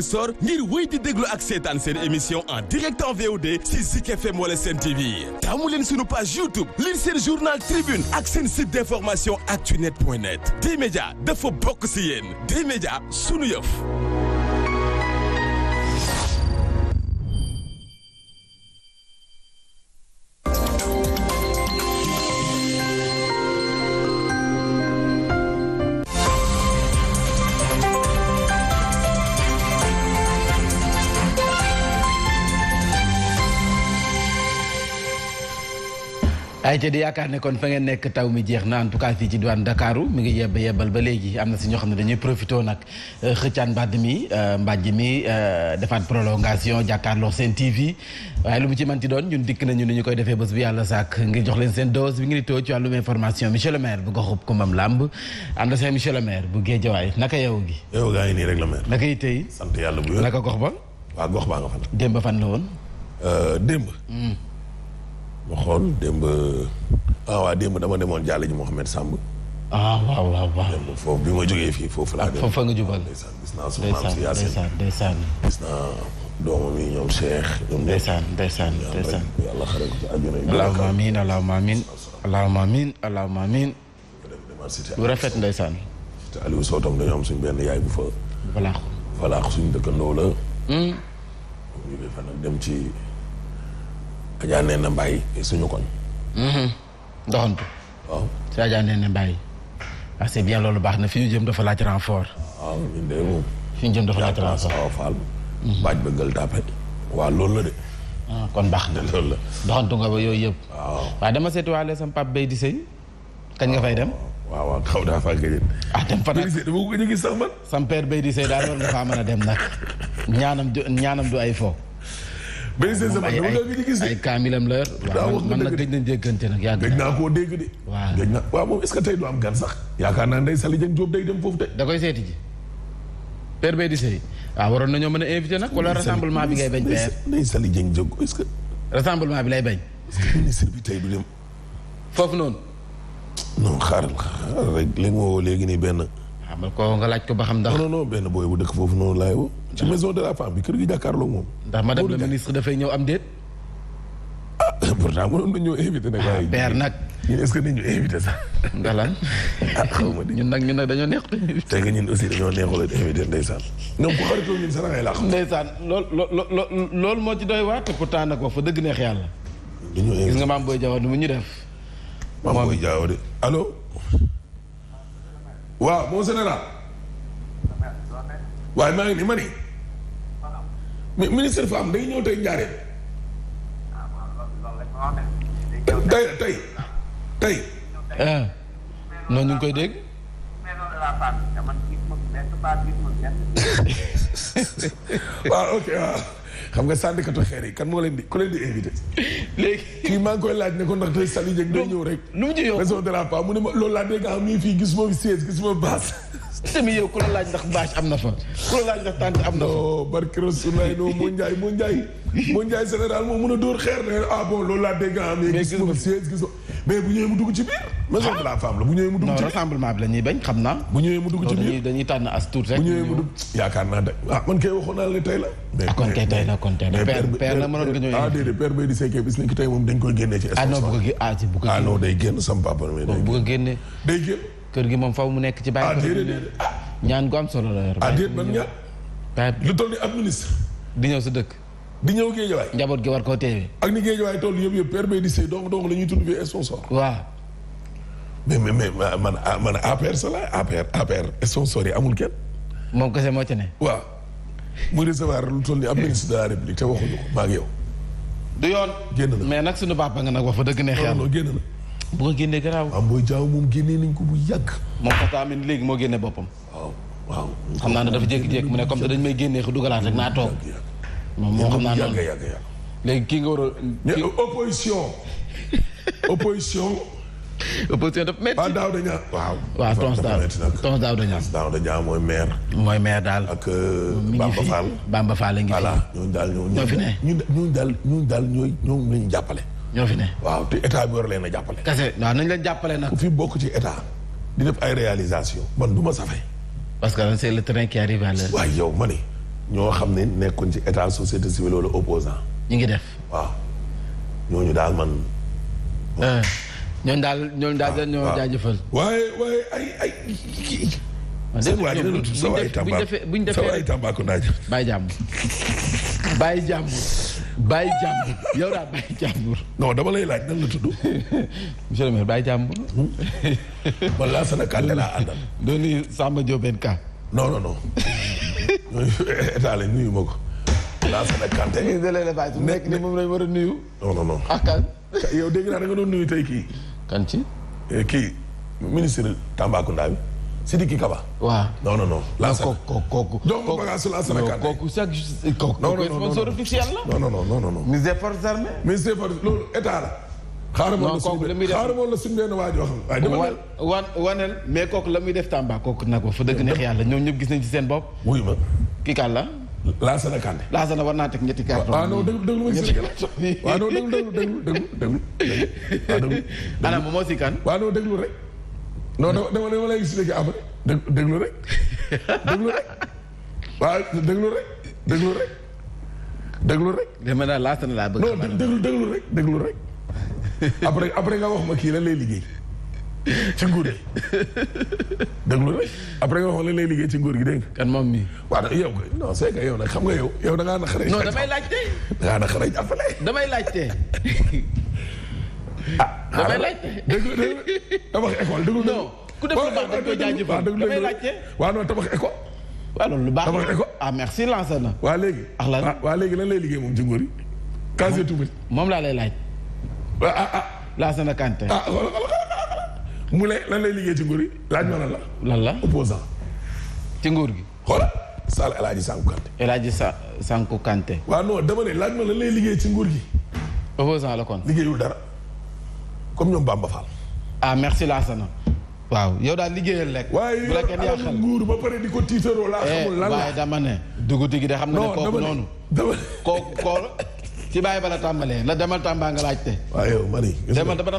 App Store ngir wéy di déglu ak seetaan seen émission en direct en VOD si Zik FM wala seen TV taamu leen sunu page YouTube lire seen journal Tribune ak seen site d'information actunet point net D-Média dafa bokk si yéen D-Média sunu yëf ay ca di yaakaar ne kon fa ngeen nekk taw mi jeex na en tout cas fii ci diwaan Ndakaaru mi ngi yebba yebbal ba léegi am na si ñoo xam ne dañuy profité nag euh, xëccaan mbàdd mi euh, mbàjj mi euh, defaat prolongation jàkkaarloo seen TV waaye lu mu ci manti doon ñun dikk nañu ni ñu koy defee bés bu yàlla sàkk ngir jox leen seen dose bi ngi di ci wàllum information monsieur le maire bu goxub Kumbam Lamb ànd seen monsieur le maire bu Géejawaay naka yow gi yow gaa ngi ma xool démb ah waa démb dama demoon jàll ji Mouhamed Samb. ah waaw waaw waaw. démb foofu bi ma jógee fii foofu laa. Ah, dem foofa nga jubal ndeysaan gis naa sunu maam si Yacine ndeysaan gis naa doomam yi ñoom Cheikh. ñoom ndeysaan ndeysaan ndeysaan yàlla xare ko ci àjjana yi. allahumma amiin allahumma amiin allahumma amiin allahumma amiin. lu rafet ndeysaan. te Aliou Sow tam dañoo am suñ benn yaay bu fa. balaax balaax suñ dëkkandoo la. Hmm? ñu ngi fa nag dem ci. Adja nee na Mbaye suñu koñ. Mm-hmm. doxantu. waaw si Adja nee na Mbaye. ah c'est bien loolu baax na fi ñu jëm dafa laaj renfort. waaw ñun de moom. fi ñu mm-hmm. baaj ba gël tàppe. waaw loolu la de. Ah, kon baax na loolu la. doxantu nga ba yooyu yëpp. waaw waaw dama seetiwaale sama pap bay di sëy kañ nga fay dem. waaw waaw kaw daa faa gëj. ah dem fa nag dama a gis sax bay di sëy daal loolu nga faa mën a dem nag. ñaanam du du ay fo. Béni Sèye Samane dama a gis de. kaamilam la yor. waaw nag gëj nañ déggante nag yàgg gëj naa koo dégg de. waaw gëj naa waaw moom est-ce que tey am gan yaakaar naa Ndeye Saly Dieng Diop day dem foofu de. da koy seeti ji. père Bédi Sèye waaw waroon nañoo mën a invité nag. wala rassemblement bi ngay bañ. père Ndeye Saly Dieng Diop est-ce que. rassemblement bi lay bañ. est-ce ministre bi tey du dem. foofu noonu. non xaaral xaaral rek li nga woo léegi nii benn. xamal ko nga laaj ko ba xam ndax. non non benn booy bu dëkk foofu noonu laay woo ci maison de la femme bi kër gi jàkkaarloo moom. ndax madame la ministre dafay ñëw am déet. ah pourtant mënoon nañu ñëw invité nag. waaye beer ah, nag. ñun est-ce que nañu invité sax. ngalaan ah xaw ma ñun nag ñun nag dañoo neex. te nga ñun aussi dañoo neexul di invité ndeysaan. ñoom ku xaritoo ñun sax ngay laax. ndeysaan lool loo loolu moo ci doy waar te pourtant nag wax fa dëgg neex yàlla. gis nga maam Boye Diaw nu mu ñu def. maam Boye Diaw de allo. waaw mon général. waaye maa ngi ni ma ni mais ministre femme day ñëw tey njaareen tey tey tey ah. noonu ñu ngi koy dégg waaw ok waaw xam nga sàndikatu xeer yi kan moo leen di ku leen di invité léegi kii maa ngi koy laaj ne ko ndax Sali Dieng day ñëw rek nu mu ci yow de la pa mu ne ma loolu laa dégg nga ah, xam nii fii gis moom siège gis moom baas tamit yow ku la laaj ndax bâche am na fa ku la laaj ndax tànt am na fa non barki Rasulaay non mu njaay mu njaay mu njaay général moom mun a dóor xeer ne ah bon loolu laa dégg ah mais gis ma siège gis ma mais bu ñëwee mu dugg ci biir maison de la femme la bu ñëwee mu dugg ci rassemblement bi la ñuy bañ xam naa bu ñëwee mu dugg ci biir dañuy tànn as tuut rek bu ñëwee mu dugg yaakaar naa de ah man kay waxoon naa la ne tey la ah kon tey tey na kon tey na père père na mënoon nga ñëw ah déedéet père bay di sekkee bis ni ki tey moom dañ koy génnee ci ah non ah, bu ko ah non day génn sama papa day génn kër gi moom faw mu nekk ci baax ah, ah. ñaan gu ah, lu toll ni ab di ñëw sa dëkk. di ñëw géejawaay. njaboot gi war koo teewee. ak ni géejawaay toll yëpp yëpp permis di sëy donc donc ñuy tudd fii sponsor. waaw. mais mais mais man man sa la APR APR sponsor yi amul kenn. moom kese moo ci ne. waaw muy lu toll ni ab ministre de la république te waxuñu ko maa ngi yow. du yoon génn na mais nag suñu papa nga nag wax fa dëgg ne. xel bu ko génnee garaaw. waaw booy jaaw moom génnee nañ ko bu yàgg. moom Fata Amin léegi moo génne boppam. waaw waaw. xam naa ne dafa jékki-jékki mu ne comme dañ may génnee ko dugalaat rek naa toog. moom moo xam naa noonu yàgg yàgg yàgg. léegi kii nga war a. opposition. opposition. opposition dafa métti. waaw ah, daaw dañaa waaw. waaw tons daaw tons daaw dañaa. daaw dañaa mooy maire. mooy maire daal. ak euh, Bamba Fall. Bamba Fall ngi fi voilà ñooñu daal ñooñu. ñoo fi ne ñooñu daal ñooñu daal ñooy ñoom la ñu jàppale. ñoo fi ne. waaw te état bi war leen a jàppale. kese waaw nañ la jàppale nag. ku fi bokk ci état di def ay réalisation man du ma safee. parce que c'est le train qui arrive à l'heure. waaye yow ma ne ñoo xam ne nekkuñ ci état société civile wala opposant ñu ngi def waaw ñooñu daal man. Ah. ñooñu daal ñooñu daal ah, dañ ñoo jaajëfal. waaye waaye ay ay. waay Tambacounda. buñ defee buñ defee bàyyi jàmm bàyyi jàmm. bàyyi jàmbur yow daal bàyyi jàmbur. non dama lay laaj nan la tudd. monsieur le maire bàyyi jàmbur. Hmm? wala Sana Kande laa àndal. doo nuyu Samba Diobène Ka. non non non. état la nuyu ma ko. war a nuyu. non ah, yow dégg naa da nga doon nuyu tey kii. kan ci. Eh, kii ministre Tambacounda bi. si Kaba. waaw non non non. laasana kooku kooku kooku. donc bagage laasana kan kooku chaque kooku. non non non non sponsor officiel loolu état la. xaaral ma la suñu benn waay waaye dama waneel mais kooku la muy def Tamba kooku nag wax fa dëgg neex yàlla ñoom ñëpp gis nañ ci seen bopp. wuyu ma kii kan la. Laasana Kande. na war naa teg ñetti carton. waaw ah, non déglu déglu ma si waaw non déglu déglu déglu déglu déglu. ana moom moo si kan. waaw non déglu rek. non dama dama dama lay expliqué après dé déglu rek déglu rek waaw déglu rek déglu rek déglu rek. dama daal laata na laa bëgg a. non déglu déglu rek déglu rek après après nga wax ma kii la lay liggéey ci nguur gi déglu rek après nga wax la lay liggéey ci nguur gi dégg nga. kan moom mii. waaw yow kay non c'est que yow nag xam nga yow yow da ngaa naqaree. non damay laajte. da ngaa naqaree jàppale. damay laajte. ah damay ah, laajte déglu déglu tabax école baax dañ koy jaajëfal damay laajte. waaw non tabax école. waaw loolu lu ah, merci lancé na. waa léegi ah waa léegi lan lay liggéey moom ci nguur yi. moom laa lay laaj. ah ah. ah. lancé na Kanté. mu lay lan lay liggéey ci nguur yi laaj ma la. lan la opposant ci nguur gi. xoolal Sall El Hadj Sanku Kanté. El Hadj Sa Sanku Kanté. waaw non dama ne laaj ma lan lay liggéey ci nguur gi. opposant la kon liggéeyul dara. comme ñoom Bamba Fall. ah merci Lassana. waaw yow daal liggéeyal lekk. bu la kenn yàqal nguur eh, waaye dama ne. dugub gi de xam nga ne kooku noonu. dama kooku kooku demal Tamba nga laajte. waaw yow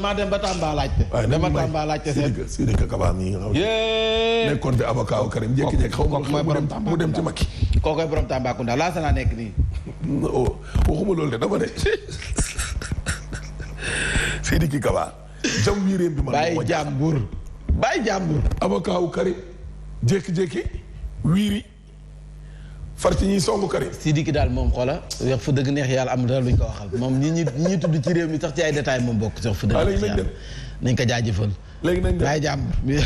ma dem ba Tamba laajte. waaye demal Tamba laajte seen. Sidiki Kaba mi nekkoon fi avocat Karim mu dem ci Macky. kooku mooy borom Tambacounda nekk nii. Oh, waxuma loolu de dama ne. Sidiki Kaba. jam wiiree bi man. bàyyi jàmbur bàyyi jàmbur. avocat wu Karim jékki-jékki wiiri far ci ñiy songu Karim. Sidiki daal moom xoola. wax fu dëgg neex yàlla am dara luñ ko waxal moom ñi ñi ñi tudd ci réew mi sax ci ay détails moom bokk sax fu dëgg ah, neex yàlla nañ ko jaajëfal. léegi nañ dem bàyyi jàmbur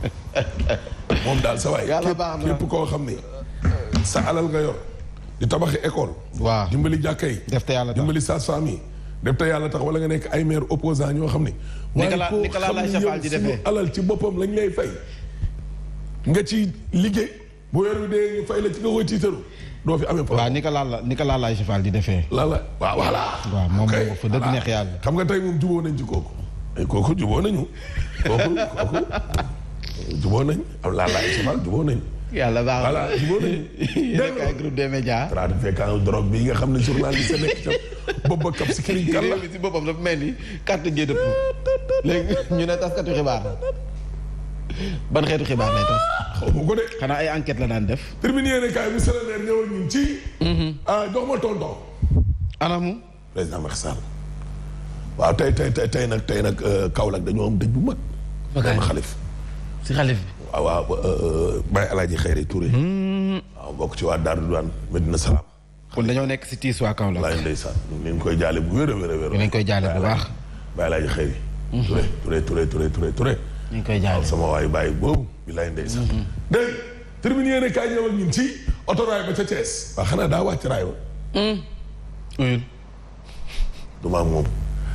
moom daal sa waay. yàlla baax na képp koo xam ne sa alal nga yor. di tabaxi école. waaw dimbali jàkka yi. def te yàlla dimbali saa yi def yàlla tax wala nga nekk ay maire opposant ñoo xam ne. waaye koo xam ne suñu alal ci boppam lañ lay fay. nga ci liggéey bu weer wi la ci nga koy doo fi amee problème ko laal la ko laal laay cheval di defee. laal la waaw voilà. waaw moom moom fa dëgg neex yàlla. xam nga tey moom juboo nañ ci kooku. ay kooku juboo nañu kooku kooku juboo nañ am laa laay cheval juboo nañ. yàlla baax na voilà jubóo nañu. dégg nga groupe des médias. trafiquant drogue bi nga xam ne journaliste yi nekk ca boppam cap si këriñ kan la. si boppam dafa mel ni carte gii dëpp léegi ñu ne taskatu xibaar ban xeetu xibaar lay tas. xanaa ay enquête la daan def. terminé ci. Mm-hmm. ah jox ma tonton. waaw tey tey tey nag tey nag euh, Kaolack dañoo am dëj bu mag. Fakaay xalif si xalif waaw waaw Baye euh, euh, El Hadj Khayre Touré. Hmm. waaw bokk ci waa Darou Douane Medina Salaam. kon dañoo nekk si tiis waa Kaolack. wallaahi ndeysaan ñu ngi koy jaale bu wér a a wér. ñu koy jaale bu baax. Baye El Hadj Khayre. Hmm. ñu ngi koy jaale sama waayu baay boobu. billaahi ndeysaan. Hmm. dégg nga terminé yéen a kaay ñëw ak ñun ci autorail ba ca Thiès. xanaa daa wàcc raay woon. du ma moom.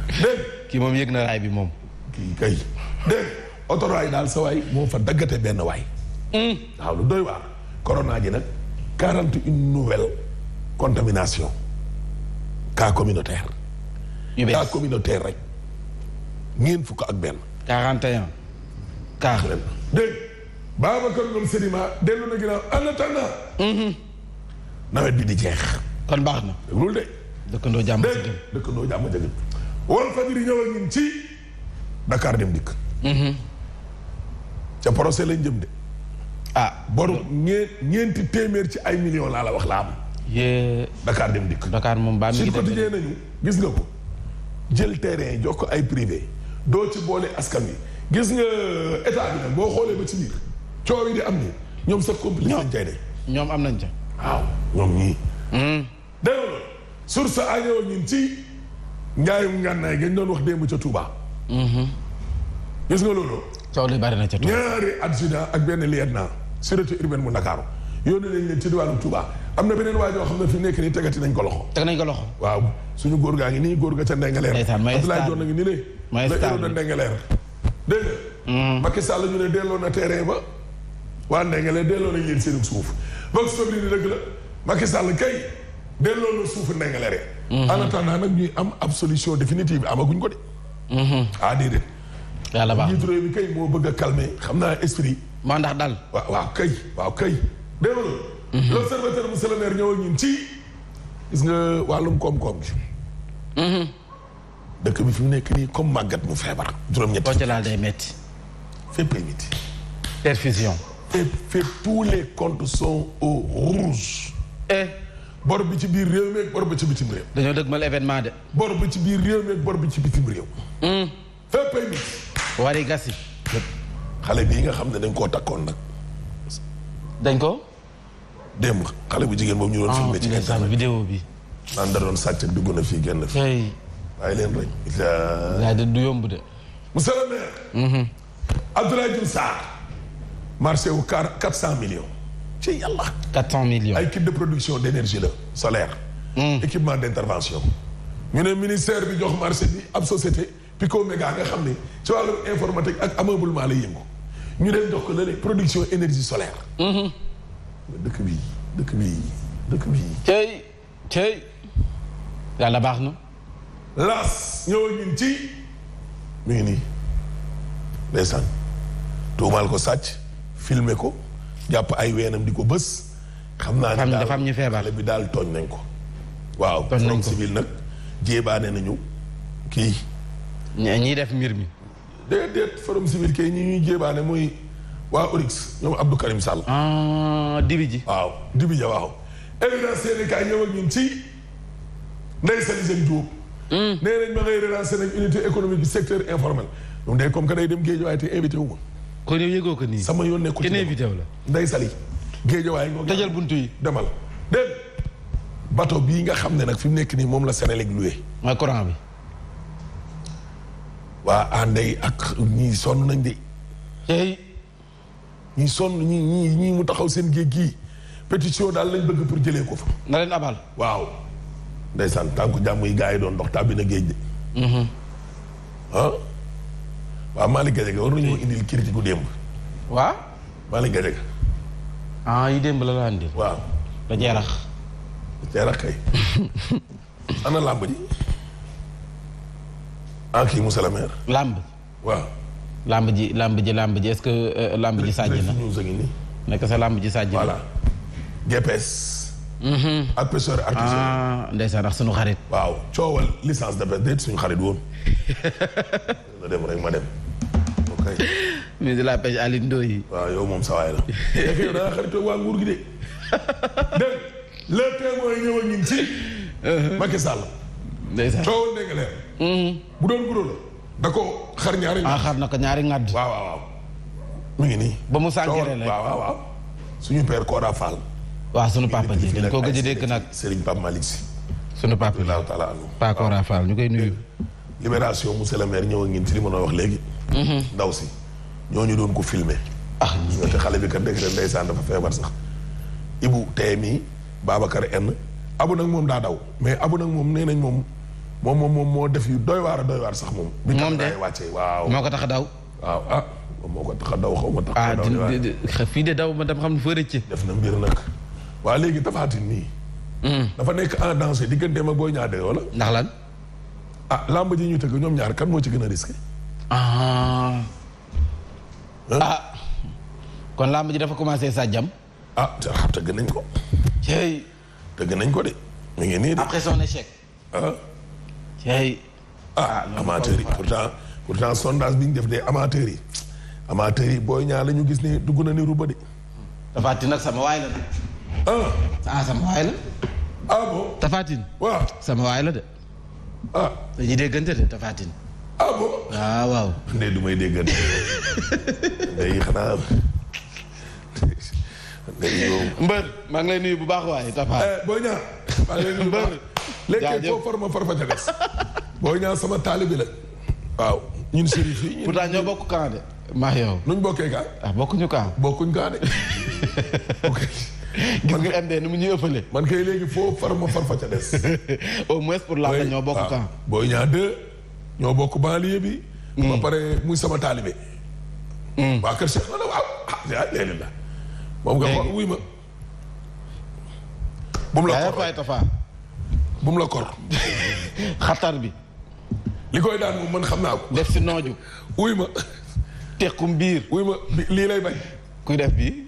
dégg kii moom yëg na raay bi moom. kii kay dégg autorail daal sa waay moo fa daggate benn waay. Hmm. waaw lu doy waar. corona ji nag quarante une nouvelle contamination cas communautaire. yu bees cas communautaire rek ñeent fukk benn. quarante et dégg Babacar Ngom Sedima dellu na hmm. nawet bi di jeex. kon baax na. loolu de. dëkkandoo jàmm jëgën dégg dëkkandoo jàmm jëgën. Walfadjri ci Dakar dem dikk. Hmm. ca procès lañ jëm de ah boru ñeenti téeméer ci ay millions laa la wax laa am yee Dakar dem dikk Dakar moom baa mi ngi quotidien nañu gis nga ko jël terrain jox ko ay privé doo ci boole askan wi gis nga euh, état bi nag boo xoolee ba ci biir coow yi di am nii ñoom sa complice lañ cay de ñoom am nañ ca waaw ñoom ñii hmm. dégg nga source a ñëw ñun ci njaayum ngànnaay gañ doon wax démb ca Touba hmm. gis nga loolu coow bari na ca Touba ñaari adjudant ak benn lieutenant sûreté urbaine mu Ndakaaru yónni nañ leen ci diwaanu Touba am na beneen yoo xam ne fi nekk nii tegati nañ ko loxo. teg nañ ko loxo. waaw suñu góor gaa ngi nii góor ga ca Ndengaleer. ndeysaan maïs taal Abdoulaye Dior ngi nii de. maïs taal mm. Sall delloo na terrain ba waa Ndengaleer delloo nañ leen seen suuf donc soog li ni dëgg la Macky Sall kay delloo na suufu Ndengaleer. Mm-hmm. en attendant nag ñuy am absolution définitive amaguñ ko de. Mm-hmm. ah déedéet. yàlla baax njiitu réew mi kay moo bëgg a calmer xam naa esprit. maa ndax dal waaw waaw kay waaw kay. dégg nga. Mhm. l'observateur monsieur le maire ci. gis nga wàllum koom-koom mhm. dëkk bi fi mu nekk nii comme màggat mu feebar. juróom-ñetti boo ci laal day ay métti. perfusion. fépp fépp tous les comptes eh. bi ci biir réew mi ak ci bitim réew. dañoo dëgmal événement de. bor bi ci biir réew mi bi ci bitim wari gasi. xale bii nga xam ne dañ koo takkoon nag. dañ ko. démb xale bu jigéen boobu ñu doon ah, filmé ci internet vidéo bi. naan da doon sàcc ak dugg na fii génn fi. waaye leen rek. yaa de du de. monsieur le maire. Mhm. Abdoulaye wu car quatre cent millions. ci yàlla. quatre cent millions ay kit de production d' énergie la solaire. Mm. équipement d' intervention. ñu ne ministère bi jox marché bi ab Pico Mega nga xam ne ci wàllu informatique ak ameublement lay yëngu ñu dem jox ko léegi production énergie solaire. Mhm. dëkk bi dëkk bi dëkk bi. tey baax na. las ci ngi nii sàcc filmer ko jàpp ay weenam di ko bës. naa ne dafa am ñu feebar bi daal tooñ nañ ko. waaw tooñ nañ ko civil nag jéebaane nañu ñi def mbir mi. déedéet forum civil kay ñi ñuy jébaane mooy waa Orix ñoom Abdou Karim Sall. Ah, dibi ji waaw dibi ja waaw. évidence seen i kaay ñëw ak ñun ci ndey sali seen Diop. Hmm. nee nañ ma ngay relancer nañ unité économique du secteur informel moom de comme que day dem géej waaye te invité wu ma. kon yow yëgoo ko nii. sama yoon nekkul ci kenn invité wu la. ndey sali géej waaye. tëjal buntu yi demal dégg bateau bii nga xam ne nag fi mu nekk nii moom la Sénégal loué. mooy courant waa ànday ak ñii sonn nañ de xëy ñii sonn ñi ñii ñii mu taxaw seen géej gii pétition daal lañ bëgg pour jëlee ko fa. na leen abal waaw. ndeysaan tànku jàmm yi gars doon ndox tàbbi na géej de. ah. waaw Malick Gadiaga war nañoo indil démb. waaw. ah yi démb la la andil. waaw. da jeerax. jeerax kay. ana làmb ji. ah kii Moussa la làmb. ji làmb ji làmb ji est-ce que euh, làmb ji sàjj na nekk sa làmb ji sàjj na voilà. GPS. Mm-hmm. ak pêcheur artisanal. ah ndeysaan ak sunu xarit. waaw coowal licence de pêche déet suñu xarit woon. na dem rek de la pêche Alioune Ndoye. waaw yow moom sa waay la. nekk yow da nga xaritoo bu doon guro la da ko xar ñaari. ah xar na ko ñaari ŋàdd. waaw waaw waaw mu ngi nii. ba mu sànqee la waaw waaw suñu père Kora Fall. waaw sunu papa ji dañ koo gëj a dégg nag Serigne Pape Malick Sy. sunu papa la Pa Kora Fall ñu koy nuyu. libération monsieur le maire ñëw ak ngeen ci li ma doon wax léegi. Mm-hmm. ndaw si ñooñu doon ko filmer ah te xale bi kat dégg na ndeysaan dafa feebar sax. Ibu tey mii Babacar N. abu nag moom daa daw mais abu nag moom nee nañ moom. moom moom moom moo def yu doy waar a doy waar sax moom. bi tam day wàccee waaw moo ko tax a daw. waaw ah moo ko tax a a ah, daw fii de daw ma dama xam ne foo rëcc. def na mbir nag waa léegi Tapha Tine nii. Hmm. dafa nekk en danger digganteem ak booy Niang de wala. ndax lan. ah làmb ji ñu tëgg ñoom ñaar kan moo ci gën a risqué. ah. ah. kon làmb ji dafa commencé saa jam ah tëgg nañ ko. tëgg nañ ko de. mu ngi nii de après son échec. ah. yaay ah, ah amateurs yi pour pourtant sondage bi def dee amateurs yi amateurs yi booy ñaar la gis ne dugg na ni ruba de. Tafatine nag sama waay la de. ah. ah, ah sama waay la. de. ah dañuy déggante de Tafatine. ah bon ah waaw. ne du may déggante. day xanaa. mbër maa ngi lay nuyu bu baax waay Tafa. booy ñaar bu baax. léegi foo farma farfa ca des booy ñaan sama taalibi la waaw ñun sérif yi pourtant ñoo bokk kan de maa yow nuñ bokkee kan ah bokkuñu kan bokkuñ kan de ni mu ñuy ëppale man kay léegi foo farma farfa ca des au moins pour la ñoo bokk kan booy ñaan deux ñoo bokk banlieue bi mm. ba pare muy sama taalibe mm. waa kër Cheikh na la waaw ah léegi la moom nga wax wuy ma bu mu la ko bu mu la kor. xatar bi. li koy daan moom man xam naa ko. def si nooju. wuy ma. tequm biir. wuy lii lay bañ. kuy def bii.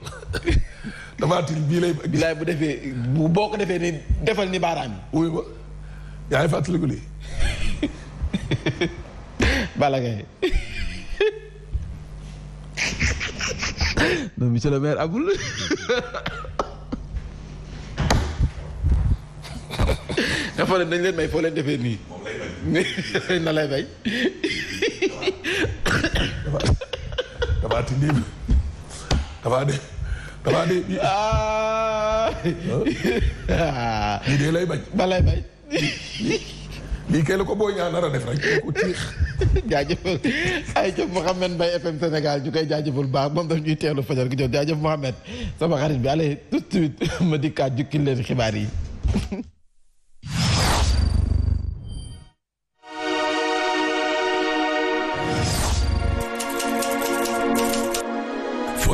dafa til bii bii lay bu defee boo ko defee ni defal ni baaraam yi. wuy ma yaa ngi fàttaliku lii. Balla Gaye. non le maire amul. dafa ne nañ leen may foo leen defee nii. na lay bay. damaa ah. lay bañ. ba lay bay. ko boo ñaan nar a def rek ko tiix. jaajëfal ay jëf Mouhamed Mbaye FM Sénégal ñu koy jaajëfal sama xarit bi allez tout de suite ma dikkaat jukkil leen xibaar yi.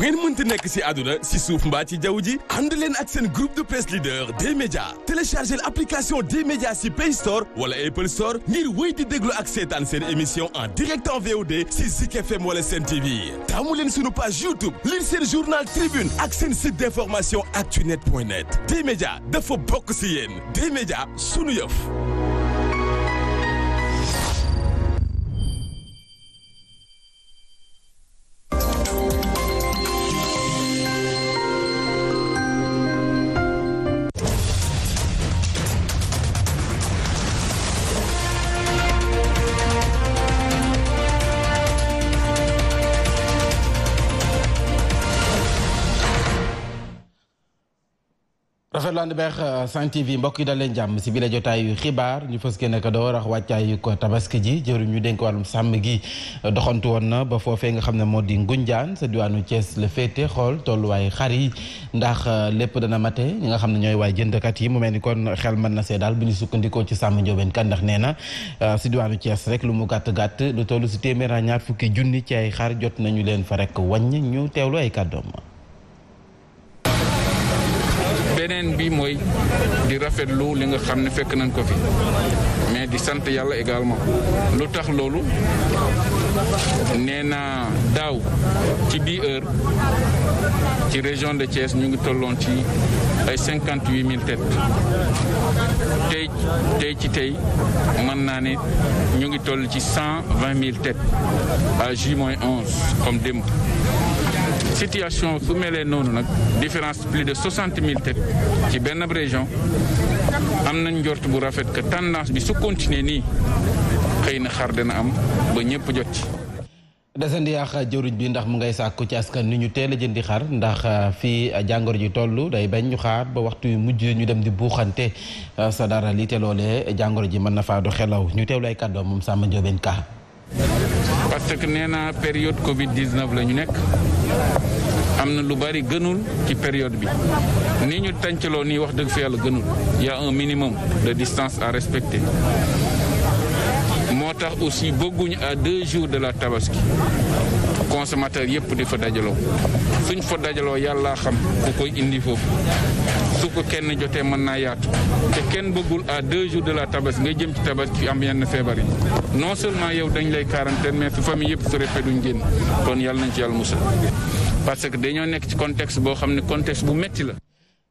fu ngeen mënti nekk si àdduna si suuf mbaa ci jaww ji ànd leen ak seen groupe de presse leader des médias téléchargé l'application des médias si Play Store wala Apple Store ngir wéy di déglu ak seetaan seen émission en direct en VOD si Zik FM wala seen TV taamu leen sunu page YouTube lire seen journal Tribune ak seen site d'information actunet point net des médias dafa bokk si yéen des médias sunu yëf rafetlu ànd beex euh, Sen TV mbokk yi dal leen jàmm si biir jotaayu xibaar ñu fës kenn ka door ak wàccaayu ko tabaski ji jëwriñ ñu dénk wàllum sàmm gi euh, doxantu woon na ba foofee nga xam ne moo di Ngunjaan sa diwaanu cees la féete xool tolluwaay xar yi ndax euh, lépp dana mate ñu nga xam ne ñooy waay jëndkat yi mu mel ni kon xel mën na see daal bu ñu sukkandikoo ci sàmm njóobeen kan ndax nee na si diwaanu cees rek lu mu gàtt gàtt lu toll si téeméer ñaar fukki junni ci ay xar jot nañu leen fa rek wàññ ñu teewlu ay kàddoom beneen bi mooy di rafetlu li nga xam ne fekk nañ ko fi mais di sant yàlla également lu tax loolu nee na daaw ci bii heure ci région de Thiès ñu ngi tolloon ci ay cinquante huit mille têtes tey ci tey mën naa ne ñu ngi toll ci cent vingt mille têtes à J moins onze comme démb. situation su melee noonu nag différence plus de soixante mille têtes ci benn région am nañ njort bu rafet que tendance bi su continuer nii xëy na xar dana am ba ñëpp jot ci. desandi yaax bi ndax mu ngay sàkku ci askan ni ñu teel a jëndi xar ndax euh, fii jàngoro ji toll day bañ ñu xaar ba waxtu yu mujj ñu dem di buuxante euh, sa dara li te loolee jàngoro ji mën na faa du xelaw ñu teewlay kàddoo moom Samba Ndiobène Ka. parce que nee naa période Covid 19 la ñu nekk am na lu bari gënul ci période bi ni ñu tàncaloo nii wax dëgg fi yàlla gënul y un minimum de distance à respecter moo tax aussi bëgguñu à deux jours de la tabaski. consommateur yëpp di fa dajaloo suñ fa dajaloo yàlla xam ku koy indi foofu su ko kenn jotee mën naa yaatu te kenn bëggul à deux jours de la tabaski ngay jëm ci tabaski am yenn feebar yi non seulement yow dañ lay quarantaine mais su famille yëpp su répé duñ génn kon yàlla nañ ci yàlla musal parce que dañoo nekk ci contexte boo xam ne contexte bu metti la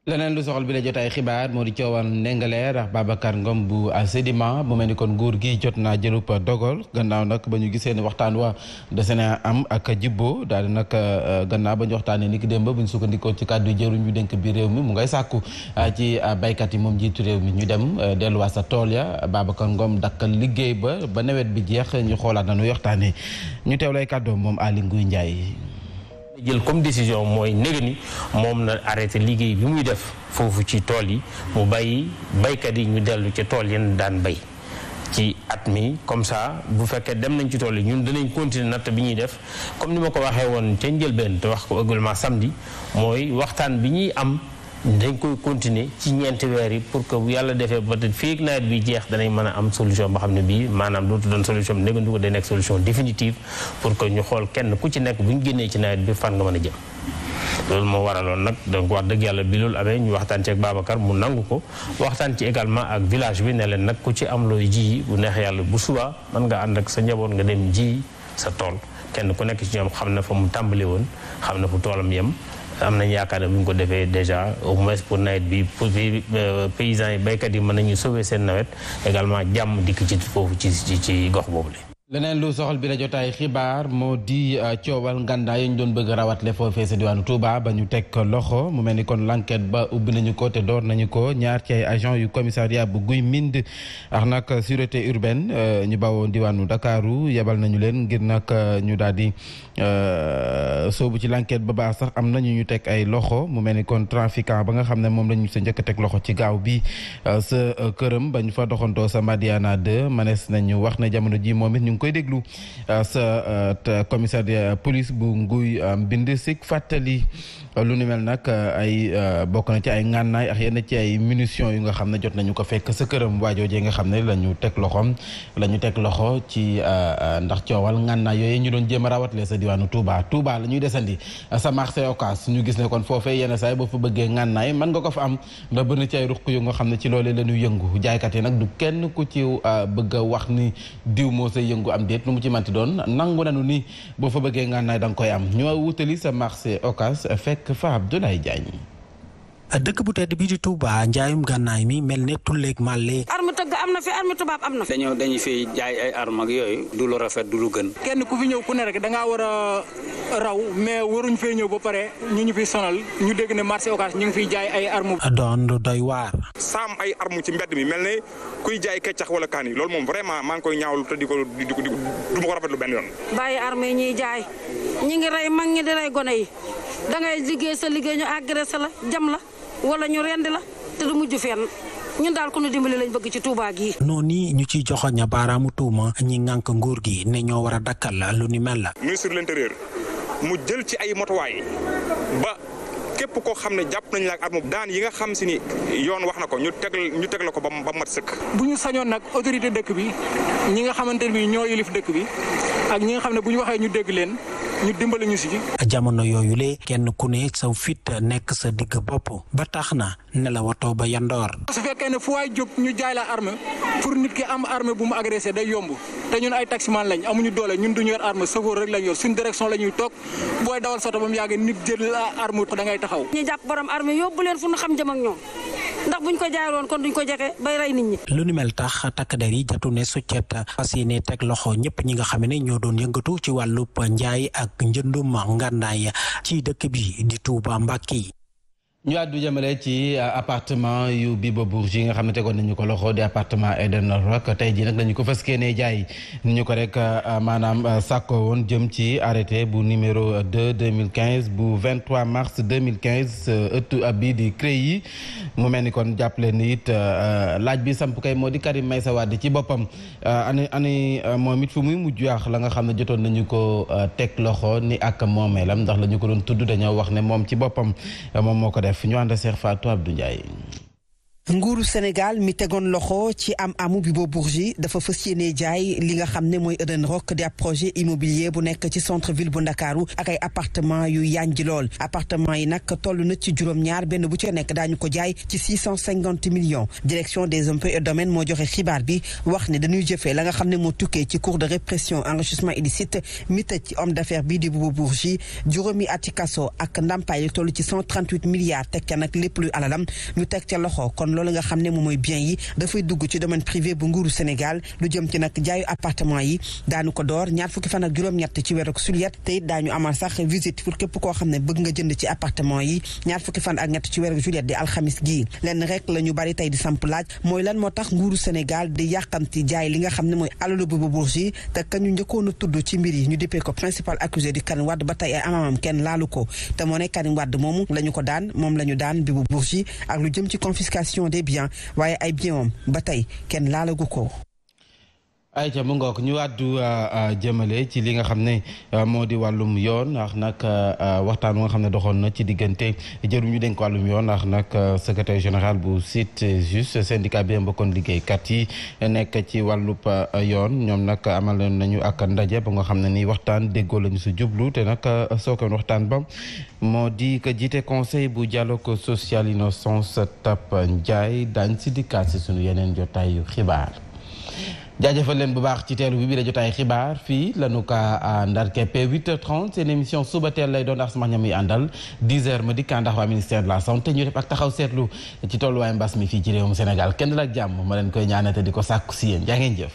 leneen lu soxal bi la jotaay xibaar moo di coowal Ndingler ak Babacar Ngom bu Sedima mu mel ni kon nguur gi jot naa jëlub dogal gannaaw nag ba ñu gisee ni waxtaan wa dese na am ak jibbo daal di nag euh, gannaaw ba ñu waxtaanee ni ki démb bu ñu sukkandikoo ci kàddu jëru ñu dénk bi réew mi mu ngay sàkku euh, ci euh, baykat yi moom jiitu réew mi ñu dem delluwaat sa tool ya Babacar ngoom dakkal liggéey ba ba nawet bi jeex ñu xoolaat na nu waxtaanee ñu teew lay kàddoom moom Aly Ngouille yi jël comme décision mooy néga ni moom na arrêté liggéey bi muy def foofu ci tool yi mu bàyyi baykat yi ñu dellu ci tool yen daan bay ci at mi comme ça bu fekkee dem nañ ci tool yi ñun dinañ continuer natt bi ñuy def comme ni ma ko waxee woon ca njëlbeen te wax ko également samedi mooy waxtaan bi ñuy am dañ koy continuer ci ñeenti weer yi pour que yàlla defee ba fii ak nawet bi jeex danañ mën a am solution boo xam ne bii maanaam dootu doon solution bi négandu ko day nekk solution définitive pour que ñu xool kenn ku ci nekk bu ñu génnee ci nawet bi fan nga a jëm loolu moo waraloon nag donc wax dëgg yàlla bi loolu amee ñu waxtaan ci mu nangu ko waxtaan ci également ak village bi ne leen nag ku ci am looy ji bu neex yàlla bu subaa mën ànd ak sa njaboot nga dem ji sa tool kenn ku nekk ci ñoom xam na fa mu tàmbali woon xam na fu toolam yem am nañ yaakaar ne bu ñu ko defee déjà au moins pour nawet bi pour euh, paysans yi baykat yi mën nañu sauver seen nawet également jàmm dikk ci foofu ci ci ci gox boobu la leneen lu soxal bi la jotaay xibaar moo di euh, coowal ngàndaa yi ñu doon bëgg rawatle foofee sa diwaanu Touba ba ñu teg loxo mu mel ni kon l'enquête ba ubbi nañu ko te door nañu ko ñaar ci agent yu commissaria bu Guy mind ax nag sûreté urbaine euh, ñu bawoon diwaanu ndakaaru yebal nañu leen ngir nag euh, ñu daal di soobu ci l'enquête ba baax sax am nañu ñu teg ay loxo mu mel ni kon trafiquant ba nga xam ne moom lañu sa njëkk teg loxo ci gaaw bi sa këram ba ñu fa doxantoo sa Madiana 2 manees wax ne jamono ji moom it koy déglu euh, sa euh, commissaire de police bu nguy euh, mbind sik fàttali Euh, lu ni mel nag euh, ay euh, bokk na ci ay ngànnaay ak yenn ci ay munitions yu nga xam ne jot nañu ko fekk sa këram waajoojee nga xam ne la ñu teg loxoom la ñu teg loxo ci ndax coowal ngànnaay yooyu ñu doon jéem a rawatlee sa diwaanu Touba Touba la ñuy desandi sa marché Ocass ñu gis ne kon foofee yenn saay boo fa bëggee ngànnaay man nga ko fa am la bëri ci ay ruq yu nga xam ne ci loolee la yëngu jaaykat yi nag du kenn ku ci bëgg a wax ni diw moo say yëngu am déet lu mu ci manti doon nangu nanu ni boo fa bëggee ngànnaay da koy am ñoo wutali sa marché Ocass fekk fa Abdoulaye bu tedd bii di Touba njaayum gànnaay mi mel ne tulleeg màlle. arme tëgg am na fi arme tubaab am na fi. dañoo jaay ay arme ak yooyu. du lu rafet du lu gën. kenn ku fi ñëw ku ne rek da war raw mais waruñ fee ñëw ba pare ñu ñu fi sonal ñu dégg ne marché Ocass ñu ngi fiy jaay ay arme. doon lu doy waar. saam ay arme ci mbedd mi mel ne kuy jaay keccax wala kaan yi moom vraiment maa ngi koy ñaawlu te ko di ko du ma ko benn yoon. ngi rey mag ñi di rey gone yi. dangay liggéey sa liggéey ñu agressé la jam la wala ñu rend la te du mujj fenn ñun daal ko ñu dimbali lañ bëgg ci tuubaa gi. nii ñu ciy joxoñ baaraamu tuuma ñi ŋànk nguur gi ne ñoo war a dakkal lu ni mel la. ministre de l'intérieur mu jël ci ay motuwaay ba képp koo xam ne jàpp nañ la ak arme daan yi nga xam si ni yoon wax na ko ñu teg ñu teg la ko ba ba mat sëkk. bu ñu sañoon nag autorité dëkk bi ñi nga xamante ne bii ñoo yilif dëkk bi ak ñi nga xam ne bu ñu waxee ñu dégg leen. ñu dimbali ñu si. jamono yooyu le kenn ku ne saw fit nekk sa digg bopp ba tax na nelawatoo ba yandoor. su fekkee ne fu waay jóg ñu jaay la arme pour nit ki am arme bu mu agressé day yomb te ñun ay taximan lañ amuñu doole ñun duñu yor arme chauffeur rek lañ yor la ñuy toog booy dawal soto ba mu yàgg nit jël arme da ngay taxaw. ñu jàpp borom arme yóbbu leen fu ñu xam jëm ak ñoom. ndax buñ ko jaaroon kon duñ ko jege bay rey nit ñi. lu ni mel tax takk der yi jatu ne succet fas yéene teg loxo ñëpp ñi nga xam ne ñoo doon ak njëndum ngàndaay ci dëkk bi di Touba Mbacké ñu àddu jëmale ci euh, appartement yu Bibo Bourgi nga xam ne tegoon nañu ko loxo di appartement Eden Rock tey jii nag lañu ko fas yéenee jaay ni ko rek euh, euh, maanaam sàkko woon jëm ci arrêté bu numéro 2 2015 bu 23 mars 2015 ëttu ab bi di CREI mu mel ni kon jàppale ni it laaj bi samp kay moo di Karim Meïssa Wade ci boppam ani ani moom it fu muy mujj yaax la nga xam ne jotoon nañu ko teg loxo ni ak moomeelam ndax lañu ko doon tudd dañoo wax ne moom ci boppam moom moo ko def def ñu ànd a Seex Fatou Abdou Ndiaye nguuru Sénégal mi tegoon loxo ci am amu bi boo Bourgi dafa fas yéene jaay li nga xam ne mooy Eden Rock di ab projet immobilier bu nekk ci centre ville bu Ndakaaru ak ay appartement yu yànji lool appartement yi nag toll na ci juróom-ñaar benn bu ci nekk daañu ko jaay ci six cent cinquante millions direction des impôts et moo joxe xibaar bi wax ne dañuy jëfee la nga xam ne moo tukkee ci cour de répression enrichissement illicite mi tëj ci homme d'affaires bii di bu Bourgi juróomi ati kaso ak ndàmpaay yi ci cent trente huit teg ca nag lépp luy alalam ñu teg ca loxo kon loolu nga xam ne moom mooy bien yi dafay dugg ci domaine privé bu nguuru Sénégal lu jëm ci nag jaayu appartement yi daanu ko door ñaar fukki fan ak juróom-ñett ci weeru sulet te it daañu amal sax visite pour képp koo xam ne bëgg nga jënd ci appartement yi ñaar fukki fan ak ñett ci weeru juillet di alxamis gii lenn rek la ñu bari tey di samp laaj mooy lan moo tax nguuru Sénégal di yàqamti jaay li nga xam ne mooy alalu bu bourse yi te ka ñu njëkkoon a tudd ci mbir yi ñu dippee ko principal accusé di Karim Wade ba tey ay amamam kenn laalu ko te moo ne Karim Wade moomu la ñu ko daan moom la ñu daan bi bu bourse confiscation de biens waaye ay biens moom ba tey kenn laalagu ko. ayca mu ngook ñu àddu euh, euh, jëmale ci li nga xam ne euh, moo di wàllum yoon ndax nag waxtaan wu nga xam ne doxoon na ci diggante jëruñu dénk wàllum yoon ndax nag secrétaire général bu SYTJUST syndicat bi liggéey kat yi nekk ci wàllub yoon ñoom nag amal nañu ak ndaje ba nga xam ne ni waxtaan déggoo lañu su jublu te nag sookoon waxtaan ba moo di que jiite conseil bu dialogue social innocence Tap Ndiaye dañ si dikkaat si sunu yeneen jotaayu xibaar jaajëfal leen bu baax ci teelu bi bi la jotaay xibaar fii lanu ka ndar keppe 8h30 seen émission suba teel lay doon ndax sama ñam yi àndal 10h ma dikkaa ndax waa ministère la la santé ñu def ak taxaw seetlu ci tolluwaay mbas mi fii ci réewum Sénégal kenn la ak jàmm ma leen koy ñaanate di ko sàkku si yéen jaa jëf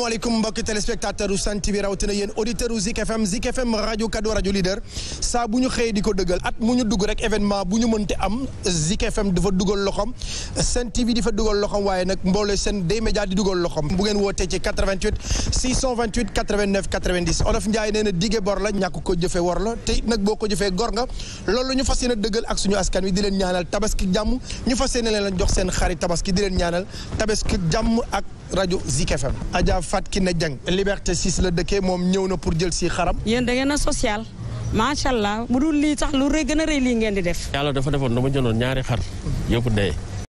asalaamaaleykum mbokki téléspectateur u sant bi rawatina yéen auditeurs u Zik FM Zik FM rajo kado rajo leader saa bu ñu xëyee di ko dëggal at mu ñu dugg rek événement bu ñu mënte am Zik FM dafa dugal loxom Sen TV di fa dugal loxom waaye nag mboole seen day médias di dugal loxom bu ngeen wootee ci 88 628 89 90 Olof Ndiaye nee na dige bor la ñàkk ko jëfe wor la te nag boo ko jëfee gor nga loolu ñu fas yéene dëggal ak suñu askan wi di leen ñaanal tabaski jàmm ñu fas yéene leen jox seen xarit tabaski di leen ñaanal tabaski jàmm ak rajo Zik FM. Adja ki Kine jang Liberté 6 la dëkkee moom ñëw na pour jël si xaram. yéen da ngeen social. macha allah bu dul lii sax lu rëy gën a rëy lii ngeen di def. yàlla dafa defoon dama jëndoon ñaari xar yëpp dee.